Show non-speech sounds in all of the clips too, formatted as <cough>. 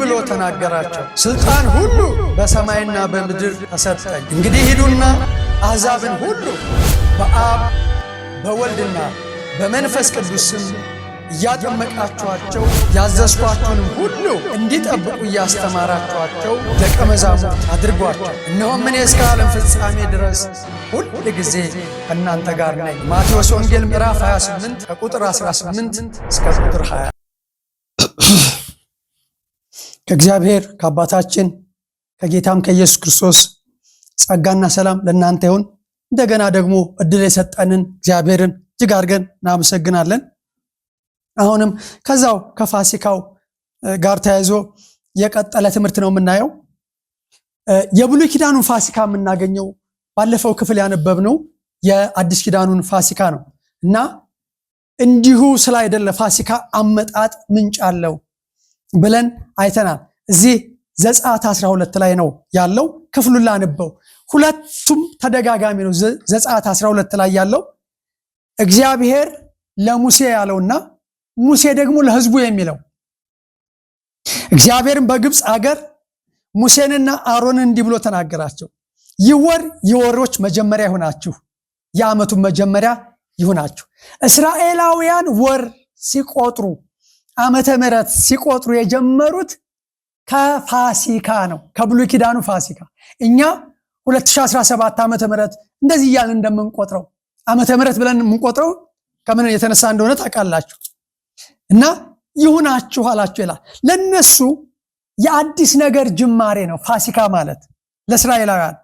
ብሎ ተናገራቸው። ስልጣን ሁሉ በሰማይና በምድር ተሰጠኝ። እንግዲህ ሂዱና አሕዛብን ሁሉ በአብ በወልድና በመንፈስ ቅዱስ ስም እያጠመቃችኋቸው ያዘዝኳችሁንም ሁሉ እንዲጠብቁ እያስተማራችኋቸው ደቀ መዛሙርት አድርጓቸው። እነሆም እኔ እስከ ዓለም ፍጻሜ ድረስ ሁል ጊዜ ከእናንተ ጋር ነኝ። ማቴዎስ ወንጌል ምዕራፍ 28 ከቁጥር 18 እስከ ቁጥር 20 ከእግዚአብሔር ከአባታችን ከጌታም ከኢየሱስ ክርስቶስ ጸጋና ሰላም ለእናንተ ይሁን። እንደገና ደግሞ እድል የሰጠንን እግዚአብሔርን እጅግ አድርገን እናመሰግናለን። አሁንም ከዛው ከፋሲካው ጋር ተያይዞ የቀጠለ ትምህርት ነው የምናየው። የብሉይ ኪዳኑን ፋሲካ የምናገኘው ባለፈው ክፍል ያነበብነው የአዲስ ኪዳኑን ፋሲካ ነው እና እንዲሁ ስለ አይደለ ፋሲካ አመጣጥ ምንጭ አለው ብለን አይተናል። እዚህ ዘጸአት 12 ላይ ነው ያለው። ክፍሉን ላንበው። ሁለቱም ተደጋጋሚ ነው። ዘጸአት 12 ላይ ያለው እግዚአብሔር ለሙሴ ያለውና ሙሴ ደግሞ ለሕዝቡ የሚለው እግዚአብሔርን በግብፅ አገር ሙሴንና አሮንን እንዲህ ብሎ ተናገራቸው። ይህ ወር የወሮች መጀመሪያ ይሆናችሁ የዓመቱን መጀመሪያ ይሆናችሁ እስራኤላውያን ወር ሲቆጥሩ ዓመተ ምሕረት ሲቆጥሩ የጀመሩት ከፋሲካ ነው፣ ከብሉይ ኪዳኑ ፋሲካ። እኛ 2017 ዓመተ ምሕረት እንደዚህ እያልን እንደምንቆጥረው ዓመተ ምሕረት ብለን የምንቆጥረው ከምን የተነሳ እንደሆነ ታውቃላችሁ። እና ይሁናችሁ አላችሁ ይላል። ለነሱ የአዲስ ነገር ጅማሬ ነው ፋሲካ ማለት ለእስራኤላውያን።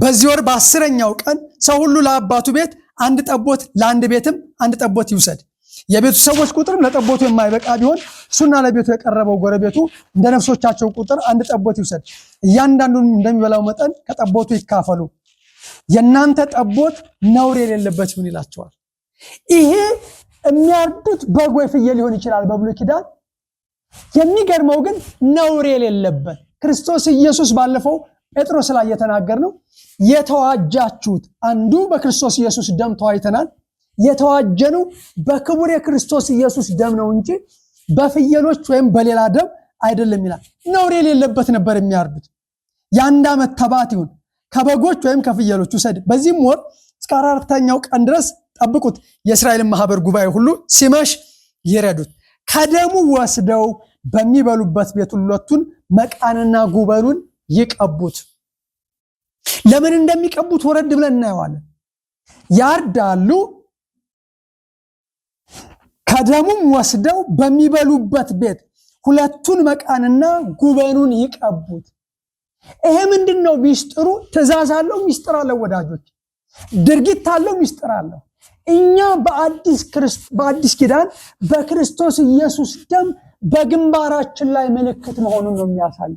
በዚህ ወር በአስረኛው ቀን ሰው ሁሉ ለአባቱ ቤት አንድ ጠቦት፣ ለአንድ ቤትም አንድ ጠቦት ይውሰድ የቤቱ ሰዎች ቁጥርም ለጠቦቱ የማይበቃ ቢሆን እሱና ለቤቱ የቀረበው ጎረቤቱ እንደ ነፍሶቻቸው ቁጥር አንድ ጠቦት ይውሰድ፣ እያንዳንዱን እንደሚበላው መጠን ከጠቦቱ ይካፈሉ፣ የእናንተ ጠቦት ነውር የሌለበት ይሁን ይላቸዋል። ይሄ የሚያርዱት በግ ወይ ፍየል ሊሆን ይችላል በብሉይ ኪዳን። የሚገርመው ግን ነውር የሌለበት ክርስቶስ ኢየሱስ ባለፈው ጴጥሮስ ላይ የተናገር ነው የተዋጃችሁት አንዱ በክርስቶስ ኢየሱስ ደም ተዋይተናል። የተዋጀነው በክቡር የክርስቶስ ኢየሱስ ደም ነው እንጂ በፍየሎች ወይም በሌላ ደም አይደለም ይላል። ነውር የሌለበት ነበር የሚያርዱት። የአንድ ዓመት ተባት ይሁን ከበጎች ወይም ከፍየሎች ውሰድ። በዚህም ወር እስከ አራተኛው ቀን ድረስ ጠብቁት። የእስራኤልን ማህበር ጉባኤ ሁሉ ሲመሽ ይረዱት። ከደሙ ወስደው በሚበሉበት ቤት ሁለቱን መቃንና ጉበኑን ይቀቡት። ለምን እንደሚቀቡት ወረድ ብለን እናየዋለን። ያርዳሉ ከደሙም ወስደው በሚበሉበት ቤት ሁለቱን መቃንና ጉበኑን ይቀቡት። ይሄ ምንድን ነው ሚስጥሩ? ትእዛዝ አለው፣ ሚስጥር አለው። ወዳጆች ድርጊት አለው፣ ሚስጥር አለው። እኛ በአዲስ ኪዳን በክርስቶስ ኢየሱስ ደም በግንባራችን ላይ ምልክት መሆኑን ነው የሚያሳይ።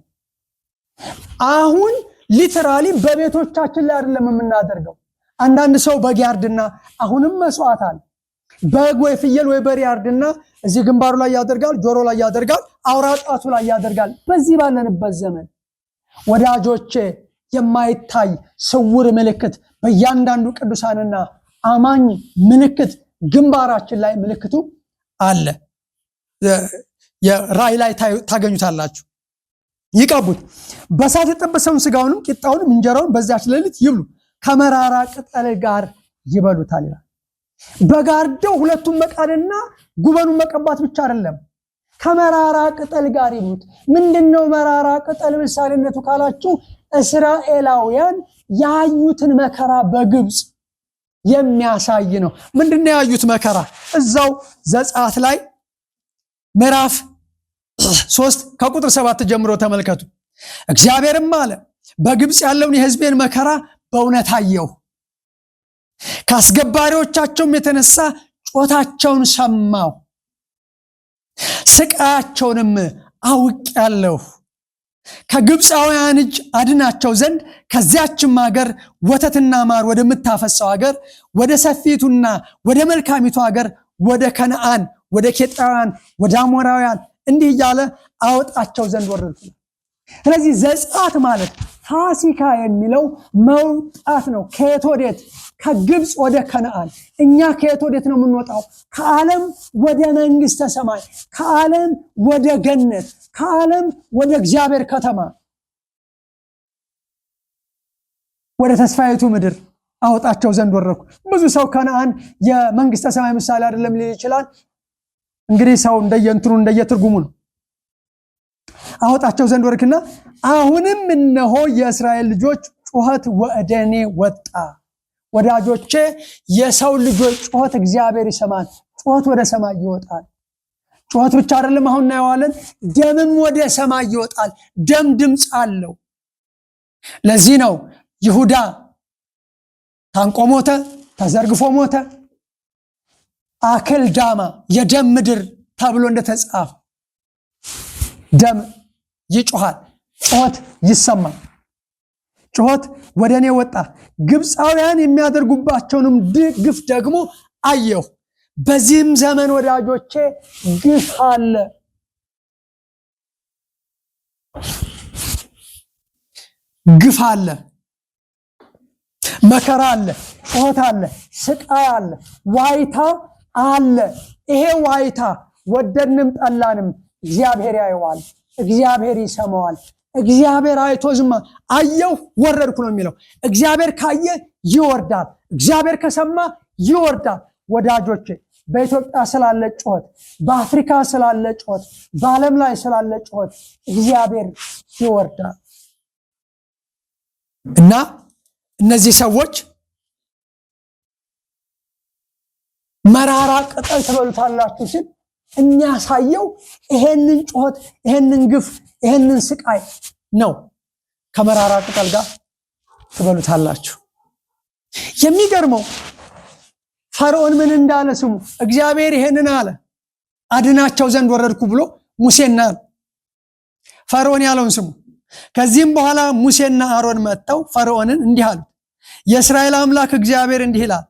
አሁን ሊተራሊ በቤቶቻችን ላይ አይደለም የምናደርገው። አንዳንድ ሰው በግ ያርድና አሁንም መስዋዕት አለ በግ ወይ ፍየል ወይ በሬ አርድና እዚህ ግንባሩ ላይ ያደርጋል፣ ጆሮ ላይ ያደርጋል፣ ጣቱ ላይ ያደርጋል። በዚህ ባለንበት ዘመን ወዳጆቼ የማይታይ ስውር ምልክት በእያንዳንዱ ቅዱሳንና አማኝ ምልክት ግንባራችን ላይ ምልክቱ አለ። ራእይ ላይ ታገኙታላችሁ። ይቀቡት፣ በሳት የጠበሰውን ስጋውንም ቂጣውንም እንጀራውን በዚያች ሌሊት ይብሉ፣ ከመራራ ቅጠል ጋር ይበሉታል ይላል። በጋርደው ሁለቱን መጣልና ጉበኑን መቀባት ብቻ አይደለም፣ ከመራራ ቅጠል ጋር ይሙት። ምንድነው መራራ ቅጠል ምሳሌነቱ ካላችሁ እስራኤላውያን ያዩትን መከራ በግብፅ የሚያሳይ ነው። ምንድነው ያዩት መከራ? እዛው ዘጸአት ላይ ምዕራፍ ሶስት ከቁጥር ሰባት ጀምሮ ተመልከቱ። እግዚአብሔርም አለ በግብፅ ያለውን የሕዝቤን መከራ በእውነት አየሁ ከአስገባሪዎቻቸውም የተነሳ ጮታቸውን ሰማሁ፣ ስቃያቸውንም አውቅ ያለሁ ከግብፃውያን እጅ አድናቸው ዘንድ ከዚያችም ሀገር ወተትና ማር ወደምታፈሰው ሀገር ወደ ሰፊቱና ወደ መልካሚቱ ሀገር ወደ ከነአን፣ ወደ ኬጣውያን፣ ወደ አሞራውያን እንዲህ እያለ አወጣቸው ዘንድ ወረድኩ። ስለዚህ ዘጸአት ማለት ፋሲካ የሚለው መውጣት ነው። ከየት ወዴት? ከግብፅ ወደ ከነአን። እኛ ከየት ወዴት ነው የምንወጣው? ከዓለም ወደ መንግስተ ሰማይ፣ ከዓለም ወደ ገነት፣ ከዓለም ወደ እግዚአብሔር ከተማ፣ ወደ ተስፋይቱ ምድር አወጣቸው ዘንድ ወረድኩ። ብዙ ሰው ከነአን የመንግስተ ሰማይ ምሳሌ አይደለም ሊል ይችላል። እንግዲህ ሰው እንደየንትኑ እንደየትርጉሙ ነው። አወጣቸው ዘንድ ወርክና አሁንም እነሆ የእስራኤል ልጆች ጩኸት ወደ እኔ ወጣ። ወዳጆቼ የሰው ልጆች ጩኸት እግዚአብሔር ይሰማል። ጩኸት ወደ ሰማይ ይወጣል። ጩኸት ብቻ አይደለም፣ አሁን እናየዋለን። ደምም ወደ ሰማይ ይወጣል። ደም ድምፅ አለው። ለዚህ ነው ይሁዳ ታንቆ ሞተ፣ ተዘርግፎ ሞተ፣ አክል ዳማ የደም ምድር ተብሎ እንደተጻፈ ደም ይጮሃል፣ ጩኸት ይሰማል። ጩኸት ወደ እኔ ወጣ፣ ግብፃውያን የሚያደርጉባቸውንም ግፍ ደግሞ አየሁ። በዚህም ዘመን ወዳጆቼ ግፍ አለ። ግፍ አለ፣ መከራ አለ፣ ጩኸት አለ፣ ስቃይ አለ፣ ዋይታ አለ። ይሄ ዋይታ ወደድንም ጠላንም እግዚአብሔር ያየዋል። እግዚአብሔር ይሰማዋል። እግዚአብሔር አይቶ ዝም አየሁ ወረድኩ ነው የሚለው። እግዚአብሔር ካየ ይወርዳል፣ እግዚአብሔር ከሰማ ይወርዳል። ወዳጆቼ በኢትዮጵያ ስላለ ጩኸት፣ በአፍሪካ ስላለ ጩኸት፣ በዓለም ላይ ስላለ ጩኸት እግዚአብሔር ይወርዳል እና እነዚህ ሰዎች መራራ ቅጠል ትበሉታላችሁ ሲል የሚያሳየው ይሄንን ጩኸት፣ ይሄንን ግፍ፣ ይሄንን ስቃይ ነው። ከመራራ ቅጠል ጋር ትበሉታላችሁ። የሚገርመው ፈርዖን ምን እንዳለ ስሙ። እግዚአብሔር ይሄንን አለ፣ አድናቸው ዘንድ ወረድኩ ብሎ ሙሴና ፈርዖን ያለውን ስሙ። ከዚህም በኋላ ሙሴና አሮን መጥተው ፈርዖንን እንዲህ አሉት፣ የእስራኤል አምላክ እግዚአብሔር እንዲህ ይላል፣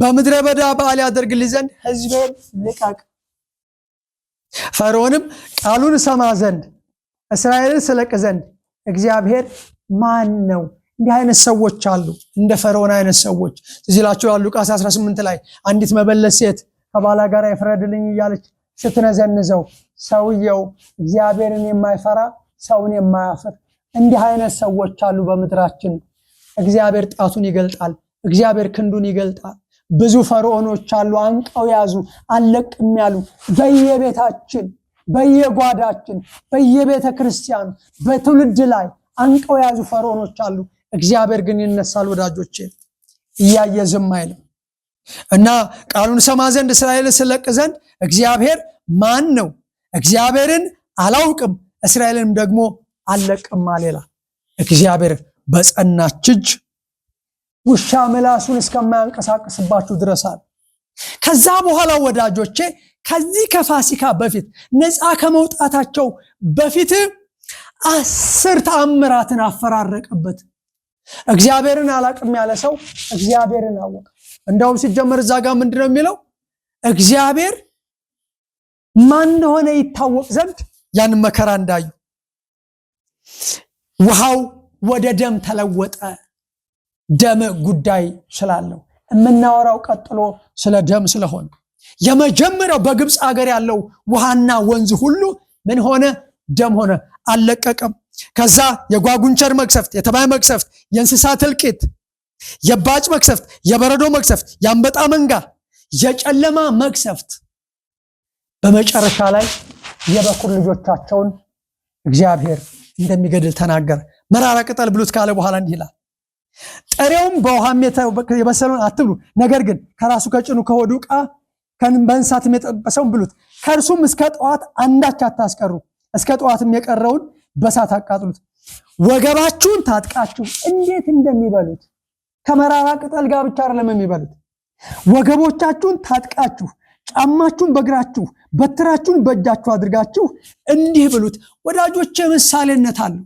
በምድረ በዳ በዓል ያደርግልህ ዘንድ ሕዝቤን ልቀቅ ፈርዖንም ቃሉን እሰማ ዘንድ እስራኤልን ስለቅ ዘንድ እግዚአብሔር ማን ነው? እንዲህ አይነት ሰዎች አሉ፣ እንደ ፈርዖን አይነት ሰዎች ላቸው ይላችኋል። ሉቃስ 18 ላይ አንዲት መበለት ሴት ከባላ ጋር ይፍረድልኝ እያለች ስትነዘንዘው ሰውየው እግዚአብሔርን የማይፈራ ሰውን የማያፍር እንዲህ አይነት ሰዎች አሉ በምድራችን። እግዚአብሔር ጣቱን ይገልጣል፣ እግዚአብሔር ክንዱን ይገልጣል። ብዙ ፈርዖኖች አሉ፣ አንቀው ያዙ፣ አለቅም ያሉ በየቤታችን፣ በየጓዳችን፣ በየቤተ ክርስቲያኑ በትውልድ ላይ አንቀው ያዙ ፈርዖኖች አሉ። እግዚአብሔር ግን ይነሳል። ወዳጆቼ እያየ ዝም አይልም እና ቃሉን ሰማ ዘንድ እስራኤልን ስለቅ ዘንድ እግዚአብሔር ማን ነው? እግዚአብሔርን አላውቅም እስራኤልንም ደግሞ አለቅም አሌላ እግዚአብሔር በጸናች እጅ ውሻ ምላሱን እስከማያንቀሳቀስባችሁ ድረሳል። ከዛ በኋላ ወዳጆቼ ከዚህ ከፋሲካ በፊት ነፃ ከመውጣታቸው በፊት አስር ተአምራትን አፈራረቀበት። እግዚአብሔርን አላቅም ያለ ሰው እግዚአብሔርን አወቀ። እንደውም ሲጀመር እዛ ጋር ምንድን ነው የሚለው? እግዚአብሔር ማን እንደሆነ ይታወቅ ዘንድ ያን መከራ እንዳዩ ውሃው ወደ ደም ተለወጠ። ደም ጉዳይ ስላለው የምናወራው ቀጥሎ ስለ ደም ስለሆነ የመጀመሪያው በግብፅ ሀገር ያለው ውሃና ወንዝ ሁሉ ምን ሆነ? ደም ሆነ፣ አልለቀቀም። ከዛ የጓጉንቸር መቅሰፍት፣ የተባይ መቅሰፍት፣ የእንስሳት እልቂት፣ የባጭ መቅሰፍት፣ የበረዶ መቅሰፍት፣ የአንበጣ መንጋ፣ የጨለማ መቅሰፍት በመጨረሻ ላይ የበኩር ልጆቻቸውን እግዚአብሔር እንደሚገድል ተናገረ። መራራ ቅጠል ብሉት ካለ በኋላ እንዲህ ይላል ጥሬውም በውሃም የበሰለውን አትብሉ፣ ነገር ግን ከራሱ ከጭኑ ከሆዱ ዕቃ በእንስሳትም የጠበሰውን ብሉት። ከእርሱም እስከ ጠዋት አንዳች አታስቀሩ፣ እስከ ጠዋትም የቀረውን በሳት አቃጥሉት። ወገባችሁን ታጥቃችሁ እንዴት እንደሚበሉት ከመራራ ቅጠል ጋር ብቻ አይደለም የሚበሉት። ወገቦቻችሁን ታጥቃችሁ ጫማችሁን በእግራችሁ በትራችሁን በእጃችሁ አድርጋችሁ እንዲህ ብሉት። ወዳጆች ምሳሌነት አለው።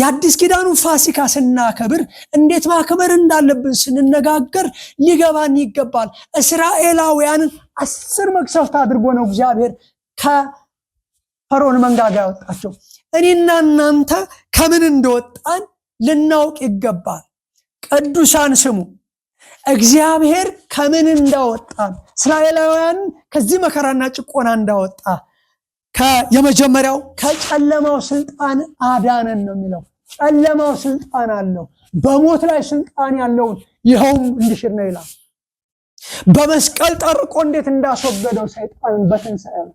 የአዲስ ኪዳኑ ፋሲካ ስናከብር እንዴት ማክበር እንዳለብን ስንነጋገር ሊገባን ይገባል። እስራኤላውያንን አስር መቅሰፍት አድርጎ ነው እግዚአብሔር ከፈርዖን መንጋጋ ያወጣቸው። እኔና እናንተ ከምን እንደወጣን ልናውቅ ይገባል። ቅዱሳን ስሙ፣ እግዚአብሔር ከምን እንዳወጣን እስራኤላውያንን ከዚህ መከራና ጭቆና እንዳወጣ የመጀመሪያው ከጨለማው ስልጣን አዳነን ነው የሚለው። ጨለማው ስልጣን አለው፣ በሞት ላይ ስልጣን ያለውን ይኸውም እንዲሽር ነው ይላል። በመስቀል ጠርቆ እንዴት እንዳስወገደው ሰይጣንን በትንሣኤ ነው።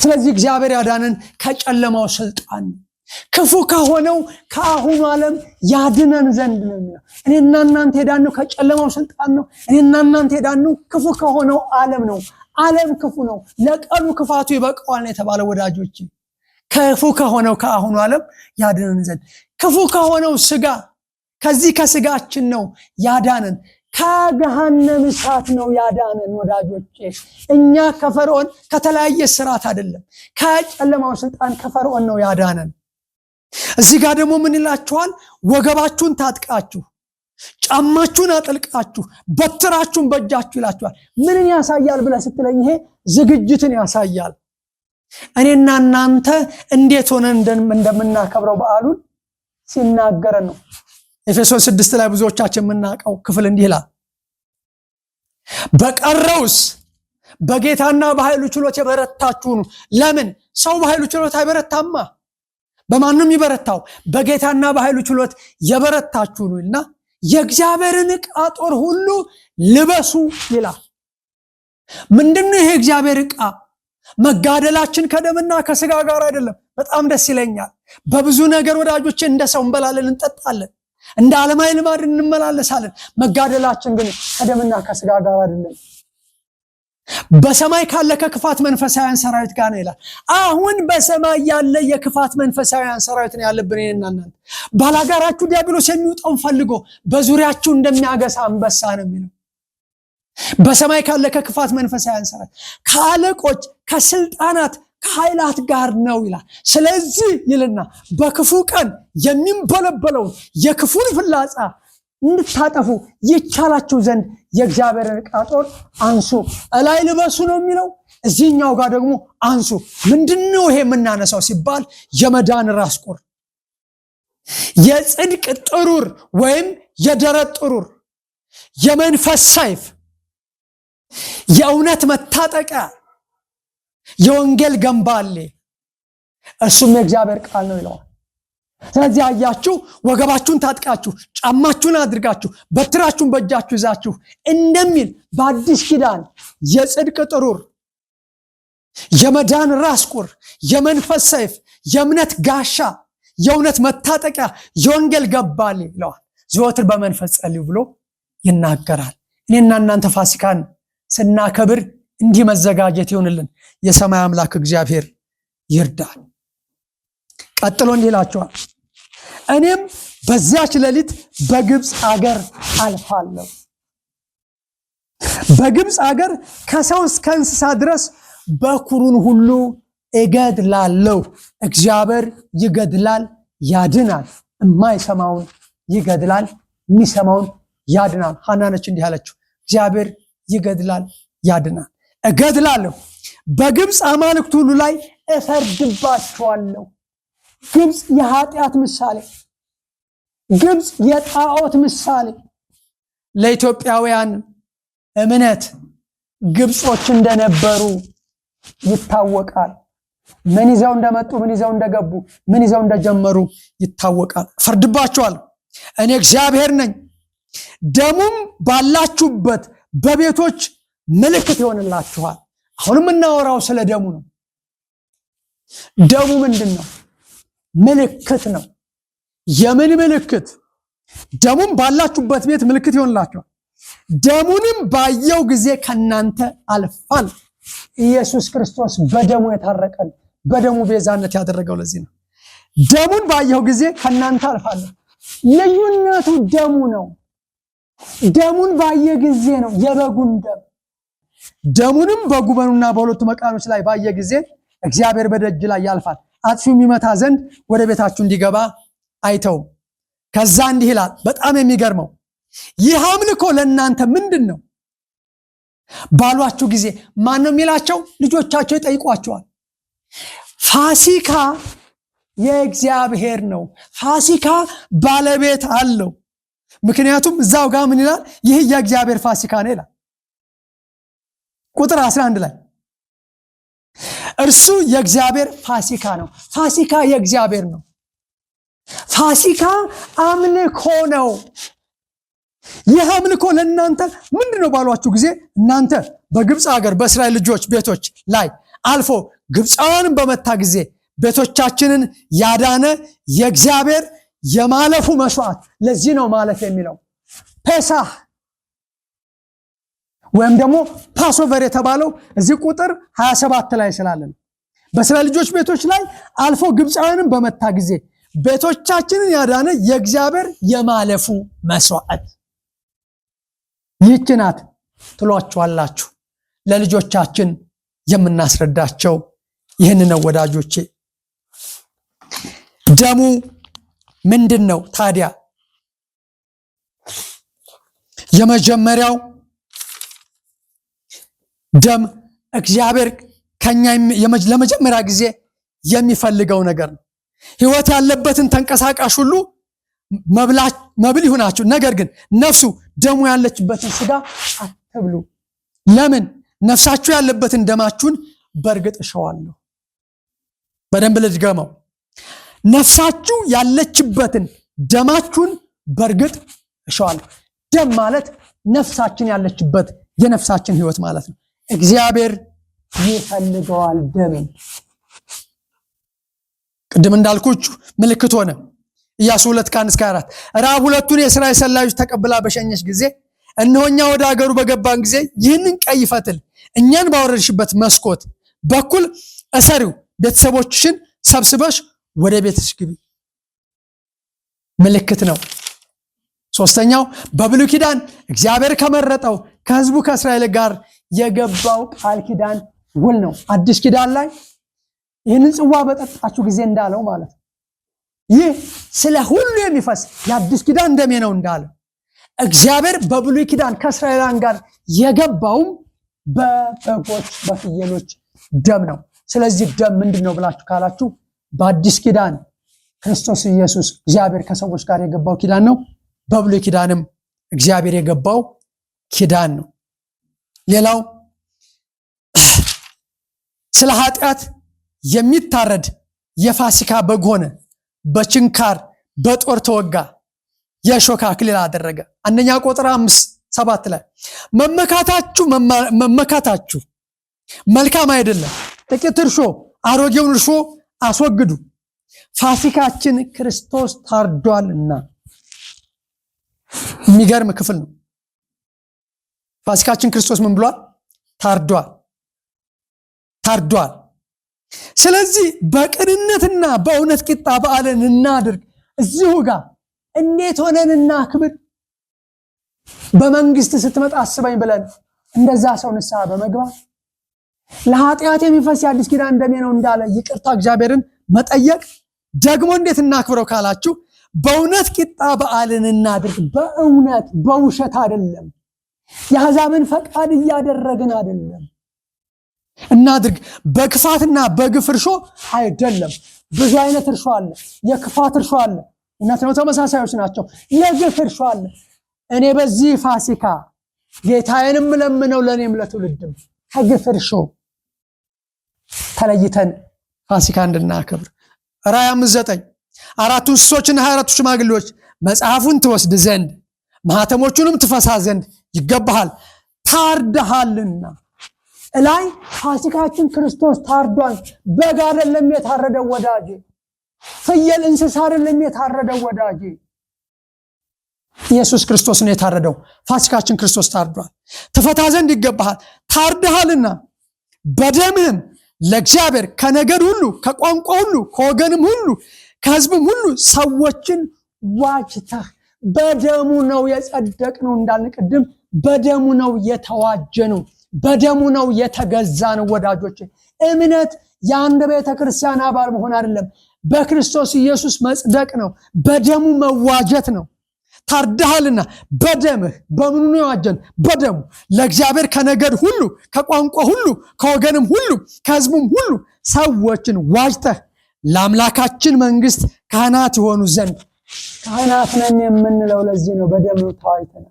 ስለዚህ እግዚአብሔር ያዳነን ከጨለማው ስልጣን ነው ክፉ ከሆነው ከአሁኑ ዓለም ያድነን ዘንድ ነው የሚለው። እኔና እናንተ የዳነው ከጨለማው ስልጣን ነው። እኔና እናንተ የዳነው ክፉ ከሆነው ዓለም ነው። ዓለም ክፉ ነው፣ ለቀኑ ክፋቱ ይበቃዋል የተባለ። ወዳጆች ክፉ ከሆነው ከአሁኑ ዓለም ያድነን ዘንድ ክፉ ከሆነው ስጋ ከዚህ ከስጋችን ነው ያዳነን፣ ከገሃነም እሳት ነው ያዳነን። ወዳጆች እኛ ከፈርዖን ከተለያየ ስርዓት አይደለም፣ ከጨለማው ስልጣን ከፈርዖን ነው ያዳነን። እዚህ ጋር ደግሞ ምን ይላችኋል? ወገባችሁን ታጥቃችሁ ጫማችሁን አጠልቃችሁ በትራችሁን በእጃችሁ ይላችኋል። ምንን ያሳያል ብለህ ስትለኝ ይሄ ዝግጅትን ያሳያል። እኔና እናንተ እንዴት ሆነን እንደምናከብረው በዓሉን ሲናገረን ነው። ኤፌሶን ስድስት ላይ ብዙዎቻችን የምናውቀው ክፍል እንዲህ ይላል፣ በቀረውስ በጌታና በኃይሉ ችሎት የበረታችሁ ለምን ሰው በኃይሉ ችሎት አይበረታማ። በማንም ይበረታው በጌታና በኃይሉ ችሎት የበረታችሁ ይልና የእግዚአብሔርን ዕቃ ጦር ሁሉ ልበሱ ይላል። ምንድነው ይሄ እግዚአብሔር ዕቃ? መጋደላችን ከደምና ከስጋ ጋር አይደለም። በጣም ደስ ይለኛል። በብዙ ነገር ወዳጆች እንደ ሰው እንበላለን፣ እንጠጣለን፣ እንደ ዓለማዊ ልማድ እንመላለሳለን። መጋደላችን ግን ከደምና ከስጋ ጋር አይደለም። በሰማይ ካለ ከክፋት መንፈሳውያን ሰራዊት ጋር ነው ይላል። አሁን በሰማይ ያለ የክፋት መንፈሳውያን ሰራዊት ነው ያለብን። ይናናል ባላጋራችሁ ዲያብሎስ የሚውጠውን ፈልጎ በዙሪያችሁ እንደሚያገሳ አንበሳ ነው የሚለው። በሰማይ ካለ ከክፋት መንፈሳውያን ሰራዊት ከአለቆች፣ ከስልጣናት፣ ከኃይላት ጋር ነው ይላል። ስለዚህ ይልና በክፉ ቀን የሚንበለበለውን የክፉን ፍላጻ እንድታጠፉ ይቻላችሁ ዘንድ የእግዚአብሔርን ዕቃ ጦር አንሱ። እላይ ልበሱ ነው የሚለው። እዚህኛው ጋር ደግሞ አንሱ። ምንድነው ይሄ የምናነሳው ሲባል የመዳን ራስ ቁር፣ የጽድቅ ጥሩር ወይም የደረት ጥሩር፣ የመንፈስ ሰይፍ፣ የእውነት መታጠቂያ፣ የወንጌል ገንባሌ እሱም የእግዚአብሔር ቃል ነው ይለዋል። ስለዚህ አያችሁ፣ ወገባችሁን ታጥቃችሁ ጫማችሁን አድርጋችሁ በትራችሁን በእጃችሁ ይዛችሁ እንደሚል በአዲስ ኪዳን የጽድቅ ጥሩር፣ የመዳን ራስ ቁር፣ የመንፈስ ሰይፍ፣ የእምነት ጋሻ፣ የእውነት መታጠቂያ፣ የወንጌል ገባል ይለዋል። ዘወትር በመንፈስ ጸልዩ ብሎ ይናገራል። እኔና እናንተ ፋሲካን ስናከብር እንዲህ መዘጋጀት ይሆንልን። የሰማይ አምላክ እግዚአብሔር ይርዳል። ቀጥሎ እንዲህ ይላቸዋል። እኔም በዚያች ሌሊት በግብፅ አገር አልፋለሁ። በግብፅ አገር ከሰው እስከ እንስሳ ድረስ በኩሩን ሁሉ እገድላለሁ። እግዚአብሔር ይገድላል፣ ያድናል። የማይሰማውን ይገድላል፣ የሚሰማውን ያድናል። ሐናነች እንዲህ አለችው፣ እግዚአብሔር ይገድላል፣ ያድናል። እገድላለሁ፣ በግብፅ አማልክት ሁሉ ላይ እፈርድባቸዋለሁ ግብፅ የኃጢአት ምሳሌ፣ ግብፅ የጣዖት ምሳሌ ለኢትዮጵያውያን እምነት ግብጾች እንደነበሩ ይታወቃል። ምን ይዘው እንደመጡ፣ ምን ይዘው እንደገቡ፣ ምን ይዘው እንደጀመሩ ይታወቃል። ፈርድባቸዋል። እኔ እግዚአብሔር ነኝ። ደሙም ባላችሁበት በቤቶች ምልክት ይሆንላችኋል። አሁንም እናወራው ስለ ደሙ ነው። ደሙ ምንድን ነው? ምልክት ነው። የምን ምልክት? ደሙን ባላችሁበት ቤት ምልክት ይሆንላችኋል። ደሙንም ባየው ጊዜ ከእናንተ አልፋል። ኢየሱስ ክርስቶስ በደሙ የታረቀን በደሙ ቤዛነት ያደረገው ለዚህ ነው። ደሙን ባየው ጊዜ ከእናንተ አልፋለሁ። ልዩነቱ ደሙ ነው። ደሙን ባየ ጊዜ ነው የበጉን ደም። ደሙንም በጉበኑና በሁለቱ መቃኖች ላይ ባየ ጊዜ እግዚአብሔር በደጅ ላይ ያልፋል። አጥፊውም የሚመታ ዘንድ ወደ ቤታችሁ እንዲገባ አይተውም። ከዛ እንዲህ ይላል። በጣም የሚገርመው ይህ አምልኮ ለእናንተ ምንድን ነው ባሏችሁ ጊዜ ማን ነው የሚላቸው? ልጆቻቸው ይጠይቋቸዋል። ፋሲካ የእግዚአብሔር ነው። ፋሲካ ባለቤት አለው። ምክንያቱም እዛው ጋር ምን ይላል? ይህ የእግዚአብሔር ፋሲካ ነው ይላል ቁጥር 11 ላይ እርሱ የእግዚአብሔር ፋሲካ ነው። ፋሲካ የእግዚአብሔር ነው። ፋሲካ አምልኮ ነው። ይህ አምልኮ ለእናንተ ምንድን ነው ባሏችሁ ጊዜ እናንተ በግብፅ ሀገር በእስራኤል ልጆች ቤቶች ላይ አልፎ ግብፃውያንን በመታ ጊዜ ቤቶቻችንን ያዳነ የእግዚአብሔር የማለፉ መስዋዕት። ለዚህ ነው ማለፍ የሚለው ፔሳህ ወይም ደግሞ ፓስኦቨር የተባለው እዚህ ቁጥር 27 ላይ ስላለን በስለ ልጆች ቤቶች ላይ አልፎ ግብፃውያንን በመታ ጊዜ ቤቶቻችንን ያዳነ የእግዚአብሔር የማለፉ መስዋዕት ይህች ናት ትሏችኋላችሁ። ለልጆቻችን የምናስረዳቸው ይህን ነው ወዳጆቼ። ደሙ ምንድን ነው ታዲያ? የመጀመሪያው ደም እግዚአብሔር ከኛ ለመጀመሪያ ጊዜ የሚፈልገው ነገር ነው። ህይወት ያለበትን ተንቀሳቃሽ ሁሉ መብል ይሁናችሁ፣ ነገር ግን ነፍሱ ደሙ ያለችበትን ስጋ አትብሉ። ለምን? ነፍሳችሁ ያለበትን ደማችሁን በእርግጥ እሸዋለሁ። በደንብ ልድገመው። ነፍሳችሁ ያለችበትን ደማችሁን በእርግጥ እሸዋለሁ። ደም ማለት ነፍሳችን ያለችበት የነፍሳችን ህይወት ማለት ነው። እግዚአብሔር ይፈልገዋል ደምን። ቅድም እንዳልኩች ምልክት ሆነ። ኢያሱ ሁለት ከአንድ እስከ አራት ራብ ሁለቱን የእስራኤል ሰላዮች ተቀብላ በሸኘች ጊዜ እነሆኛ ወደ ሀገሩ በገባን ጊዜ ይህንን ቀይ ፈትል እኛን ባወረድሽበት መስኮት በኩል እሰሪው ቤተሰቦችሽን ሰብስበሽ ወደ ቤትሽ ግቢ። ምልክት ነው። ሶስተኛው በብሉይ ኪዳን እግዚአብሔር ከመረጠው ከህዝቡ ከእስራኤል ጋር የገባው ቃል ኪዳን ውል ነው። አዲስ ኪዳን ላይ ይህንን ጽዋ በጠጣችሁ ጊዜ እንዳለው ማለት ነው። ይህ ስለ ሁሉ የሚፈስ የአዲስ ኪዳን ደሜ ነው እንዳለ እግዚአብሔር በብሉይ ኪዳን ከእስራኤላን ጋር የገባውም በበጎች በፍየሎች ደም ነው። ስለዚህ ደም ምንድን ነው ብላችሁ ካላችሁ በአዲስ ኪዳን ክርስቶስ ኢየሱስ እግዚአብሔር ከሰዎች ጋር የገባው ኪዳን ነው። በብሉይ ኪዳንም እግዚአብሔር የገባው ኪዳን ነው። ሌላው <clears throat> ስለ ኃጢአት የሚታረድ የፋሲካ በግ ሆነ፣ በችንካር በጦር ተወጋ፣ የእሾህ አክሊል አደረገ። አንደኛ ቁጥር አምስት ሰባት ላይ መመካታችሁ መመካታችሁ መልካም አይደለም፣ ጥቂት እርሾ አሮጌውን እርሾ አስወግዱ፣ ፋሲካችን ክርስቶስ ታርዷልና። የሚገርም ክፍል ነው። ፋሲካችን ክርስቶስ ምን ብሏል? ታርዷል ታርዷል። ስለዚህ በቅንነትና በእውነት ቂጣ በዓልን እናድርግ። እዚሁ ጋር እንዴት ሆነን እናክብር? በመንግስት ስትመጣ አስበኝ ብለን እንደዛ ሰው ንስሐ በመግባት ለኃጢአት የሚፈስ የአዲስ ኪዳን ደሜ ነው እንዳለ ይቅርታ እግዚአብሔርን መጠየቅ። ደግሞ እንዴት እናክብረው ካላችሁ በእውነት ቂጣ በዓልን እናድርግ። በእውነት በውሸት አይደለም። የአሕዛብን ፈቃድ እያደረግን አይደለም። እናድርግ በክፋትና በግፍ እርሾ አይደለም። ብዙ አይነት እርሾ አለ። የክፋት እርሾ አለ። እውነት ነው፣ ተመሳሳዮች ናቸው። የግፍ እርሾ አለ። እኔ በዚህ ፋሲካ ጌታዬንም ለምነው ለእኔም ለትውልድም ከግፍ እርሾ ተለይተን ፋሲካ እንድናከብር ራእይ አምስት ዘጠኝ አራቱ እንስሶችና ሀያ አራቱ ሽማግሌዎች መጽሐፉን ትወስድ ዘንድ ማኅተሞቹንም ትፈሳ ዘንድ ይገባሃል ታርደሃልና። እላይ ፋሲካችን ክርስቶስ ታርዷል። በግ አይደለም የታረደው ወዳጄ፣ ፍየል እንስሳ አይደለም የታረደው ወዳጄ። ኢየሱስ ክርስቶስ ነው የታረደው። ፋሲካችን ክርስቶስ ታርዷል። ትፈታ ዘንድ ይገባሃል ታርደሃልና በደምህም ለእግዚአብሔር ከነገድ ሁሉ ከቋንቋ ሁሉ ከወገንም ሁሉ ከሕዝብም ሁሉ ሰዎችን ዋጅተህ በደሙ ነው የጸደቅ ነው እንዳልን ቅድም፣ በደሙ ነው የተዋጀ ነው፣ በደሙ ነው የተገዛ ነው። ወዳጆች እምነት የአንድ ቤተ ክርስቲያን አባል መሆን አይደለም፣ በክርስቶስ ኢየሱስ መጽደቅ ነው፣ በደሙ መዋጀት ነው። ታርዳሃልና በደምህ በምኑ ነው የዋጀን? በደሙ ለእግዚአብሔር ከነገድ ሁሉ ከቋንቋ ሁሉ ከወገንም ሁሉ ከህዝቡም ሁሉ ሰዎችን ዋጅተህ ለአምላካችን መንግስት ካህናት የሆኑ ዘንድ ካህናት ነን የምንለው ለዚህ ነው። በደም ተዋጅተናል።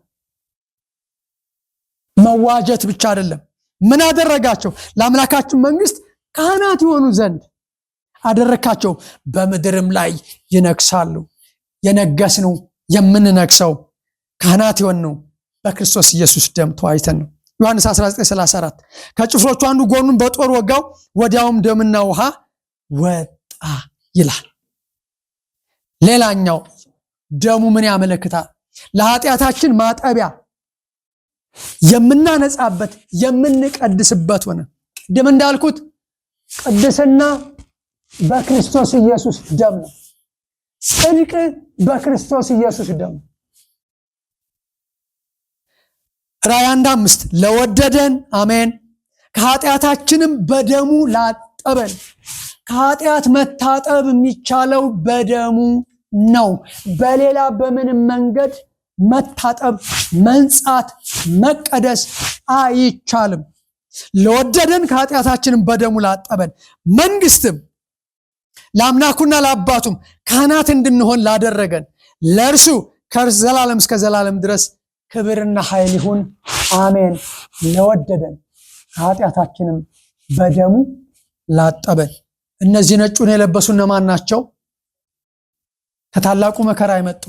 መዋጀት ብቻ አይደለም። ምን አደረጋቸው? ለአምላካችን መንግስት ካህናት የሆኑ ዘንድ አደረካቸው። በምድርም ላይ ይነግሳሉ። የነገስነው የምንነግሰው ካህናት የሆንነው በክርስቶስ ኢየሱስ ደም ተዋጅተን ነው። ዮሐንስ 1934 ከጭፍሮቹ አንዱ ጎኑን በጦር ወጋው፣ ወዲያውም ደምና ውሃ ወጣ ይላል። ሌላኛው ደሙ ምን ያመለክታል? ለኃጢአታችን ማጠቢያ የምናነጻበት የምንቀድስበት ሆነ። ቅድም እንዳልኩት ቅድስና በክርስቶስ ኢየሱስ ደም ነው። ጽድቅ በክርስቶስ ኢየሱስ ደም ነው። ራእይ አንድ አምስት ለወደደን አሜን፣ ከኃጢአታችንም በደሙ ላጠበን። ከኃጢአት መታጠብ የሚቻለው በደሙ ነው። በሌላ በምንም መንገድ መታጠብ፣ መንጻት፣ መቀደስ አይቻልም። ለወደደን ከኃጢአታችንም በደሙ ላጠበን መንግስትም ለአምላኩና ለአባቱም ካህናት እንድንሆን ላደረገን ለእርሱ ከዘላለም እስከ ዘላለም ድረስ ክብርና ኃይል ይሁን፣ አሜን። ለወደደን ከኃጢአታችንም በደሙ ላጠበን። እነዚህ ነጩን የለበሱ እነማን ናቸው? ከታላቁ መከራ የመጡ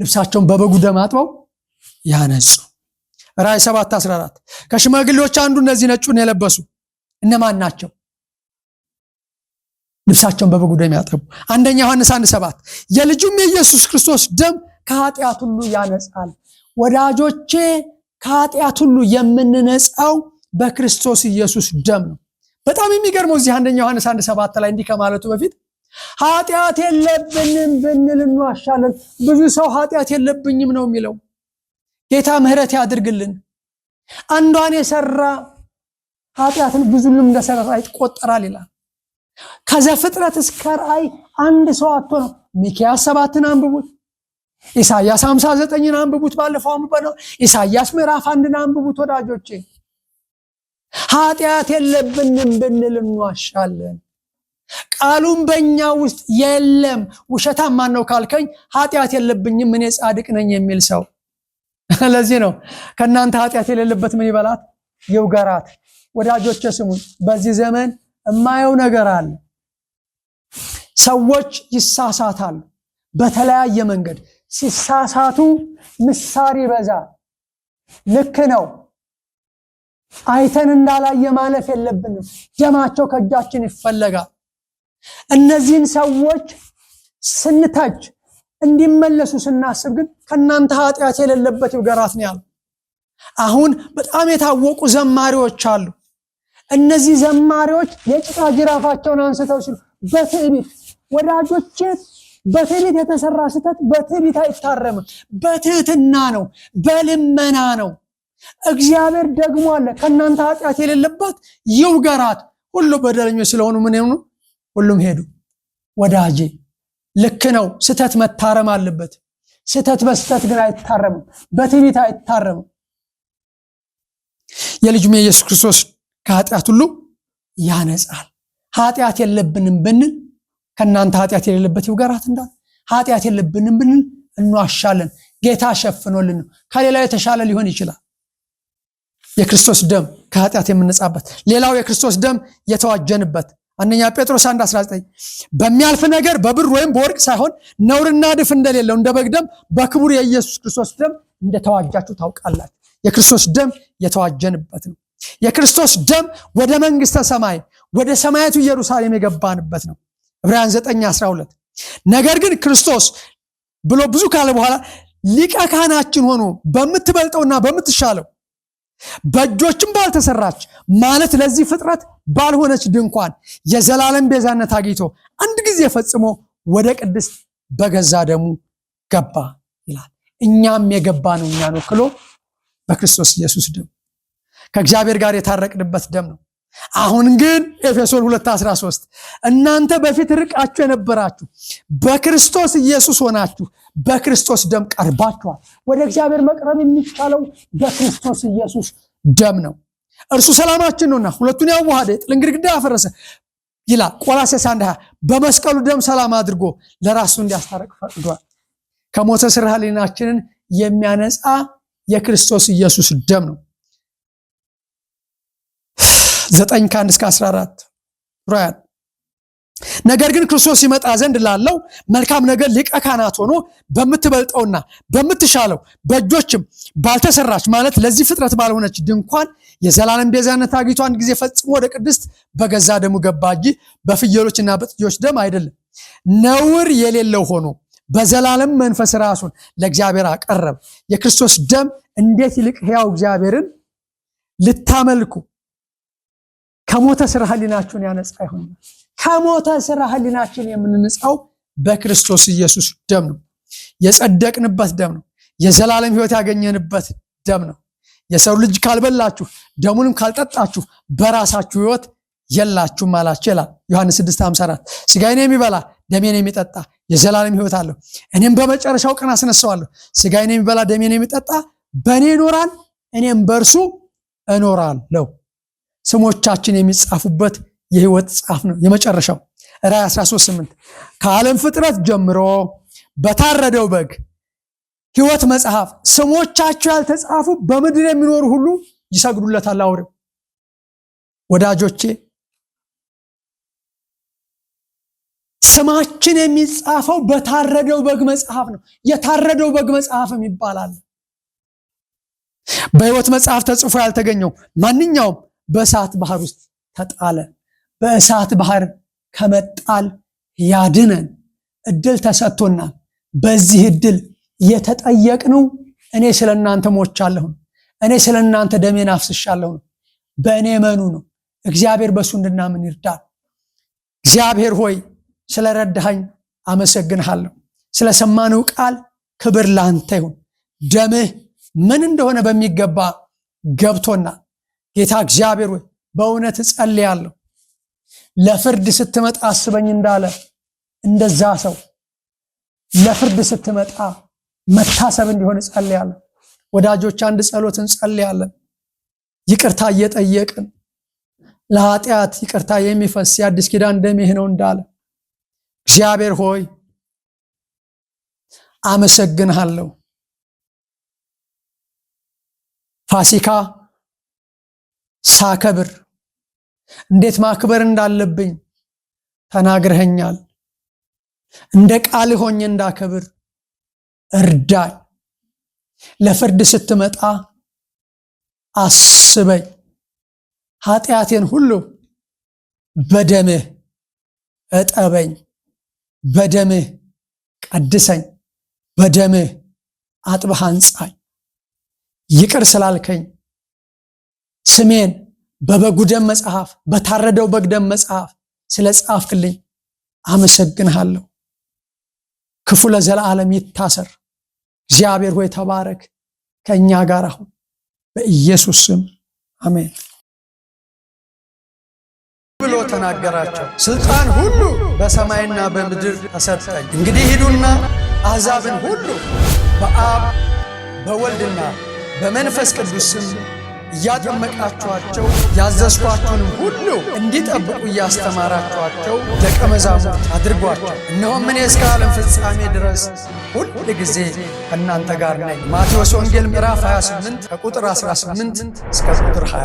ልብሳቸውን በበጉ ደም አጥበው ያነጹ። ራእይ 7 14 ከሽማግሌዎች አንዱ እነዚህ ነጩን የለበሱ እነማን ናቸው? ልብሳቸውን በበጉ ደም ያጠቡ። አንደኛ ዮሐንስ 1 7 የልጁም የኢየሱስ ክርስቶስ ደም ከኃጢአት ሁሉ ያነጻል። ወዳጆቼ ከኃጢአት ሁሉ የምንነጻው በክርስቶስ ኢየሱስ ደም ነው። በጣም የሚገርመው እዚህ አንደኛ ዮሐንስ 1 7 ላይ እንዲህ ከማለቱ በፊት ኃጢአት የለብንም ብንል እንዋሻለን። ብዙ ሰው ኃጢአት የለብኝም ነው የሚለው። ጌታ ምሕረት ያድርግልን። አንዷን የሰራ ኃጢአትን ብዙንም እንደሰራ ይቆጠራል ይላል። ከዘፍጥረት እስከ ራእይ አንድ ሰው አቶ ነው። ሚኪያስ ሰባትን አንብቡት፣ ኢሳያስ ሃምሳ ዘጠኝን አንብቡት። ባለፈው ነው ኢሳያስ ምዕራፍ አንድን አንብቡት። ወዳጆቼ ኃጢአት የለብንም ብንል እንዋሻለን። ቃሉም በእኛ ውስጥ የለም። ውሸታም ማን ነው ካልከኝ፣ ኃጢአት የለብኝም እኔ ጻድቅ ነኝ የሚል ሰው። <laughs> ለዚህ ነው ከእናንተ ኃጢአት የሌለበት ምን ይበላት ይውገራት። ወዳጆቼ ስሙኝ፣ በዚህ ዘመን እማየው ነገር አለ። ሰዎች ይሳሳታሉ በተለያየ መንገድ። ሲሳሳቱ ምሳር ይበዛል። ልክ ነው። አይተን እንዳላየ ማለፍ የለብንም። ደማቸው ከእጃችን ይፈለጋል። እነዚህን ሰዎች ስንታጅ እንዲመለሱ ስናስብ ግን ከእናንተ ኃጢአት የሌለበት ይውገራት ነው ያሉ። አሁን በጣም የታወቁ ዘማሪዎች አሉ። እነዚህ ዘማሪዎች የጭቃ ጅራፋቸውን አንስተው ሲሉ በትዕቢት ወዳጆች፣ በትዕቢት የተሰራ ስህተት በትዕቢት አይታረምም። በትህትና ነው፣ በልመና ነው። እግዚአብሔር ደግሞ አለ ከእናንተ ኃጢአት የሌለባት ይውገራት። ሁሉ በደለኞች ስለሆኑ ምን ነው ሁሉም ሄዱ። ወዳጄ ልክ ነው። ስተት መታረም አለበት። ስተት በስተት ግን አይታረምም፣ በትዕቢት አይታረምም። የልጁም የኢየሱስ ክርስቶስ ከኃጢአት ሁሉ ያነጻል። ኃጢአት የለብንም ብንል ከእናንተ ኃጢአት የሌለበት ይውገራት እንዳል ኃጢአት የለብንም ብንል እንዋሻለን። ጌታ ሸፍኖልን ነው። ከሌላው የተሻለ ሊሆን ይችላል። የክርስቶስ ደም ከኃጢአት የምንጻበት ሌላው የክርስቶስ ደም የተዋጀንበት አንደኛ ጴጥሮስ 1 19 በሚያልፍ ነገር በብር ወይም በወርቅ ሳይሆን ነውርና ድፍ እንደሌለው እንደ በግ ደም በክቡር የኢየሱስ ክርስቶስ ደም እንደተዋጃችሁ ታውቃላችሁ። የክርስቶስ ደም የተዋጀንበት ነው። የክርስቶስ ደም ወደ መንግስተ ሰማይ ወደ ሰማያቱ ኢየሩሳሌም የገባንበት ነው። ዕብራውያን 9 12 ነገር ግን ክርስቶስ ብሎ ብዙ ካለ በኋላ ሊቀ ካህናችን ሆኖ በምትበልጠውና በምትሻለው በእጆችም ባልተሰራች ማለት ለዚህ ፍጥረት ባልሆነች ድንኳን የዘላለም ቤዛነት አግኝቶ አንድ ጊዜ ፈጽሞ ወደ ቅድስት በገዛ ደሙ ገባ ይላል። እኛም የገባ ነው እኛን ወክሎ በክርስቶስ ኢየሱስ ደም ከእግዚአብሔር ጋር የታረቅንበት ደም ነው። አሁን ግን ኤፌሶን 2:13 እናንተ በፊት ርቃችሁ የነበራችሁ በክርስቶስ ኢየሱስ ሆናችሁ በክርስቶስ ደም ቀርባችኋል። ወደ እግዚአብሔር መቅረብ የሚቻለው በክርስቶስ ኢየሱስ ደም ነው። እርሱ ሰላማችን ነውና ሁለቱን ያዋሃደ የጥልን ግድግዳ ያፈረሰ ይላል ቆላስይስ በመስቀሉ ደም ሰላም አድርጎ ለራሱ እንዲያስታረቅ ፈቅዷል። ከሞተ ሥራ ሕሊናችንን የሚያነጻ የክርስቶስ ኢየሱስ ደም ነው። ዘጠኝ ከአንድ እስከ 14 ሩያን ነገር ግን ክርስቶስ ይመጣ ዘንድ ላለው መልካም ነገር ሊቀ ካህናት ሆኖ በምትበልጠውና በምትሻለው በእጆችም ባልተሰራች ማለት ለዚህ ፍጥረት ባልሆነች ድንኳን የዘላለም ቤዛነት አግኝቶ አንድ ጊዜ ፈጽሞ ወደ ቅድስት በገዛ ደሙ ገባ እንጂ በፍየሎችና በጥጆች ደም አይደለም። ነውር የሌለው ሆኖ በዘላለም መንፈስ ራሱን ለእግዚአብሔር አቀረብ። የክርስቶስ ደም እንዴት ይልቅ ሕያው እግዚአብሔርን ልታመልኩ ከሞተ ስራ ህሊናችሁን ያነጻ ይሆናል። ከሞተ ስራ ህሊናችን የምንነጻው በክርስቶስ ኢየሱስ ደም ነው። የጸደቅንበት ደም ነው። የዘላለም ህይወት ያገኘንበት ደም ነው። የሰው ልጅ ካልበላችሁ ደሙንም ካልጠጣችሁ በራሳችሁ ህይወት የላችሁ አላችሁ ይላል ዮሐንስ 6:54 ስጋዬን የሚበላ ደሜን የሚጠጣ የዘላለም ህይወት አለው፣ እኔም በመጨረሻው ቀን አስነሳዋለሁ። ስጋዬን የሚበላ ደሜን የሚጠጣ በእኔ ይኖራል፣ እኔም በእርሱ እኖራለሁ። ስሞቻችን የሚጻፉበት የህይወት ጻፍ ነው። የመጨረሻው ራዕይ 13፥8 ከዓለም ፍጥረት ጀምሮ በታረደው በግ ህይወት መጽሐፍ ስሞቻቸው ያልተጻፉ በምድር የሚኖሩ ሁሉ ይሰግዱለታል አውሬው። ወዳጆቼ ስማችን የሚጻፈው በታረደው በግ መጽሐፍ ነው። የታረደው በግ መጽሐፍም ይባላል። በህይወት መጽሐፍ ተጽፎ ያልተገኘው ማንኛውም በእሳት ባህር ውስጥ ተጣለ። በእሳት ባህር ከመጣል ያድነን እድል ተሰጥቶናል። በዚህ እድል የተጠየቅነው እኔ ስለ እናንተ ሞቻለሁ፣ እኔ ስለ እናንተ ደሜን አፍስሻለሁ፣ በእኔ መኑ ነው። እግዚአብሔር በእሱ እንድናምን ይርዳል። እግዚአብሔር ሆይ ስለረዳኸኝ አመሰግንሃለሁ። ስለሰማነው ቃል ክብር ላንተ ይሁን። ደምህ ምን እንደሆነ በሚገባ ገብቶናል። ጌታ እግዚአብሔር ወይ በእውነት እጸልያለሁ ለፍርድ ስትመጣ አስበኝ እንዳለ እንደዛ ሰው ለፍርድ ስትመጣ መታሰብ እንዲሆን እጸልያለሁ። ወዳጆች አንድ ጸሎት እንጸልያለን። ይቅርታ እየጠየቅን ለኃጢአት ይቅርታ የሚፈስ የአዲስ ኪዳን ደሜ ነው እንዳለ እግዚአብሔር ሆይ አመሰግንሃለሁ ፋሲካ ሳከብር እንዴት ማክበር እንዳለብኝ ተናግረኸኛል። እንደ ቃል ሆኜ እንዳከብር እርዳኝ። ለፍርድ ስትመጣ አስበኝ። ኃጢአቴን ሁሉ በደምህ እጠበኝ፣ በደምህ ቀድሰኝ፣ በደምህ አጥበህ አንጻኝ። ይቅር ስላልከኝ ስሜን በበጉ ደም መጽሐፍ በታረደው በግ ደም መጽሐፍ ስለ ጻፍክልኝ አመሰግንሃለሁ። ክፉ ለዘላለም ይታሰር። እግዚአብሔር ሆይ ተባረክ፣ ከእኛ ጋር አሁን በኢየሱስ ስም አሜን ብሎ ተናገራቸው። ስልጣን ሁሉ በሰማይና በምድር ተሰጠኝ። እንግዲህ ሂዱና አሕዛብን ሁሉ በአብ በወልድና በመንፈስ ቅዱስ ስም እያጠመቃችኋቸው ያዘዝኳችሁንም ሁሉ እንዲጠብቁ እያስተማራችኋቸው ደቀ መዛሙርት አድርጓቸው። እነሆም እኔ እስከ ዓለም ፍጻሜ ድረስ ሁል ጊዜ ከእናንተ ጋር ነኝ። ማቴዎስ ወንጌል ምዕራፍ 28 ከቁጥር 18 እስከ ቁጥር 20